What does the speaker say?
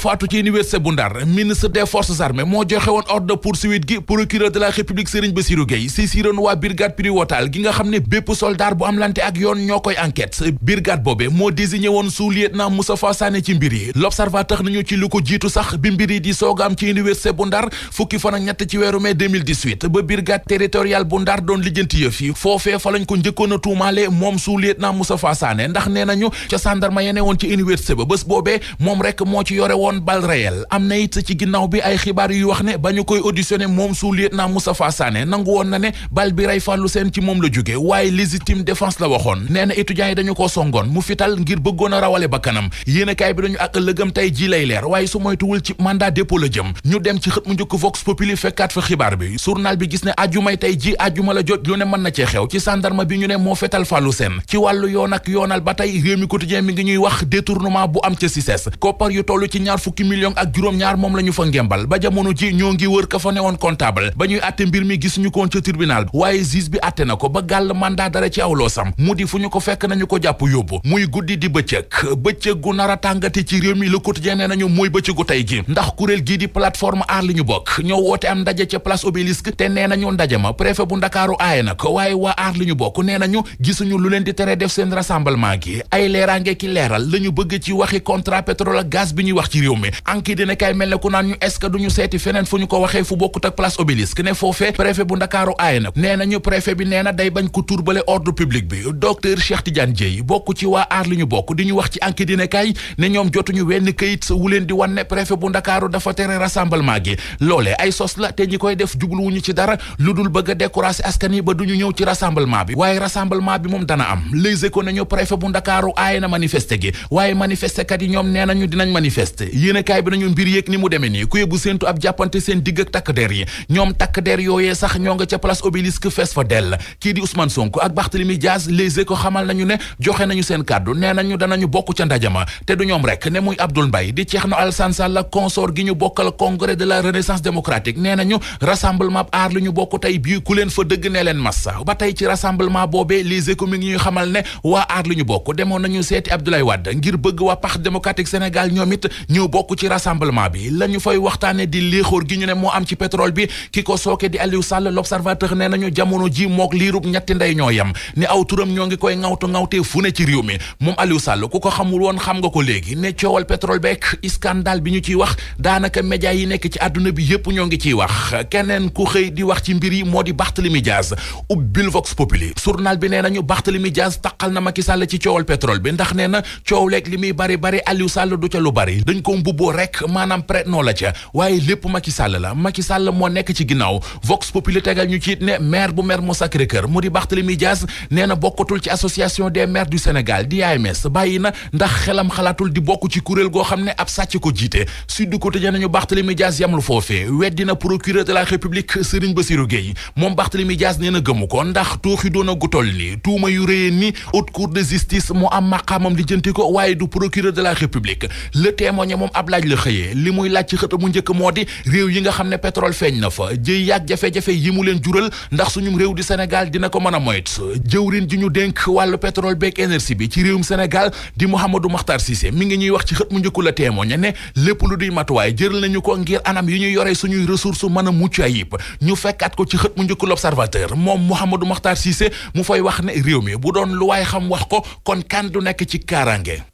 faatu ci université bu Ndar ministre des forces armées moo joxe woon ordre de gi procureur de la république Serigne Bassirou Gueye saisiroon waa brigade prévôtale gi nga xam ne bépp soldat bu am lante ak yoon ñoo koy enquête brigade boobe moo désigné woon sous-lieutenant Moustapha Sané ci mbir yi l'observateur nañu ci lu ko jiitu sax bi mbir yi di sooga ci université bu Ndar fukki fan ñett ci weeru mai ba brigade territoriale bu Ndar doon lijjanti woon bal réel am na it ci ginnaaw bi ay xibaar yuy wax ne ba ñu koy auditionné moom su lieutenant Moustapha Sané nangu woon na ne bal bi rey Fallou Sène ci moom la jóge waaye légitime défense la waxoon nee na yi dañu ko songoon mu fital ngir bëggoon a rawale bakkanam yéenekaay bi dañu ak ëllëgam tey ji lay leer waaye su moytuwul ci mandat dépôt la jëm ñu dem ci xët mu njëkk Vox Populi fekkaat fa xibaar bi journal bi gis ne ajumay tey ji ajuma ñaar fukki million ak juróom-ñaar moom la ñu fa ngembal ba jamono ji ñoo ngi wër ka fa newoon comptable ba ñuy atte mbir mi gisuñu koon ca tribunal waaye juge bi atte na ko ba gàll mandat dara ci awloo sam mu di fu ñu ko fekk nañu ko jàpp yóbbu muy guddi di bëccëg bëccëg gu nar a tàngate ci réew mi Le Quotidien nee nañu mooy bëccëgu tey gi ndax kuréel gii di plateforme aar li ñu bokk ñoo woote am ndaje ca place Obélisque te nee nañu ndaje ma préfet bu Ndakaaru aaye na ko waaye waa ñu bokk nee nañu gisuñu lu leen di tere def seen rassemblement gi ay leeraange ki la ñu bëgg ci waxi contrat pétrole ak gaz bi ñuy wax ci réew mi enquête dina kay bokk ci waa aar li ñu bokk di ñu wax ci enquête dina kay ne ñoom jotuñu wenn këyit wu leen di wan ne bu Ndakaaru dafa tere rassemblement gi loolee ay sos la te ñi koy def jubluwuñu ci dara lu dul bëgg a décourager askan yi ba duñu ñëw ci rassemblement bi waaye rassemblement bi moom dana am Les Échos nañu préfet bu Ndakaaru aay na manifester gi waaye manifester kat yi ñoom nee nañu dinañ manifester yéenekaay bi nañu mbir yéeg ni mu demee nii ku yóbbu séentu ab jàppante seen digg ak takk der yi ñoom takk der yooyee sax ñoo nga ca place Obélisque fees fa dell kii di Ousmane Sonko ak Barthélemy Diaz Les Échos xamal nañu ne joxe nañu seen kàddu nee nañu danañu bokk ca ma te du ñoom rek ne muy Abdoul Mbaye di Thierno Alassane Sall la consort gi ñu bokkal congrès de la renaissance démocratique nee nañu rassemblement aar li ñu bokk tey bii ku leen fa dëgg ne leen massa ba tey ci rassemblement boobee Les Échos mi ngi ñuy xamal ne waa bokk demoon nañu seeti Abdoulaye Wade ngir bëgg waa Parti démocratique Sénégal ñoom it bokk ci rassemblement bi la ñu fay waxtaane di léexóor gi ñu ne moo am ci pétrole bi ki ko sooke di Aliou Sall l'observateur nee nañu jamono ji mook liirub ñetti ndey ñoo yem ni aw turam ñoo ngi koy ŋawtu ŋawtee fu ne ci réew mi moom Aliou Sall ku ko xamul woon xam nga ko léegi ne coowal pétrole beek scandale bi ñu ciy wax daanaka média yi nekk ci àdduna bi yépp ñoo ngi ciy wax keneen ku xëy di wax ci mbir yi moo di Barthélemy Diaz ubbil Vox Populi journal bi nee nañu Barthélemy Diaz taqal na Macky Sall ci coowal pétrole bi ndax nee na coow leeg li muy bari bari Aliou Sall du ca lu bari mbubboo rek maanaam prêt noo la ca waaye lépp Macky la Macky moo nekk ci ginnaaw Vox Populi ñu ci ne maire bu maire moo sacré mu di Barthélémy Dias nee na bokkatul ci association des maires du Sénégal di AMS bàyyi na ndax xelam xalaatul di bokk ci kuréel goo xam ne ab sàcc ko jiite Sud Quotidien nañu Barthélémy Dias yamlu foofee weddi na procureur de la République Serigne Bassirou Gueye moom Barthélémy Dias nee na gëmu ko ndax tooxi doon a gutol moom ab laaj la xëyee li muy laaj ci xët mu njëkk moo di réew yi nga xam ne pétrole feeñ na fa jëy yaag jafe-jafe yi mu leen jural ndax suñu réew di Sénégal dina ko mën a moyt jëwrin ju ñu denk wàllu pétrole beeg énergie bi ci réewum Sénégal di Mouhamadou Makhtar Cissé mi ngi ñuy wax ci xët mu njëkku la témoigné ne lépp lu duy matuwaay jëral nañu ko ngir anam yi ñu yoree suñuy ressource mën a mucc ayib ñu fekkaat ko ci xët mu njëkku l'Observateur moom Mouhamadou Makhtar Cissé mu fay wax ne réew bu doon lu waay xam wax ko kon kan du nekk ci kaaraange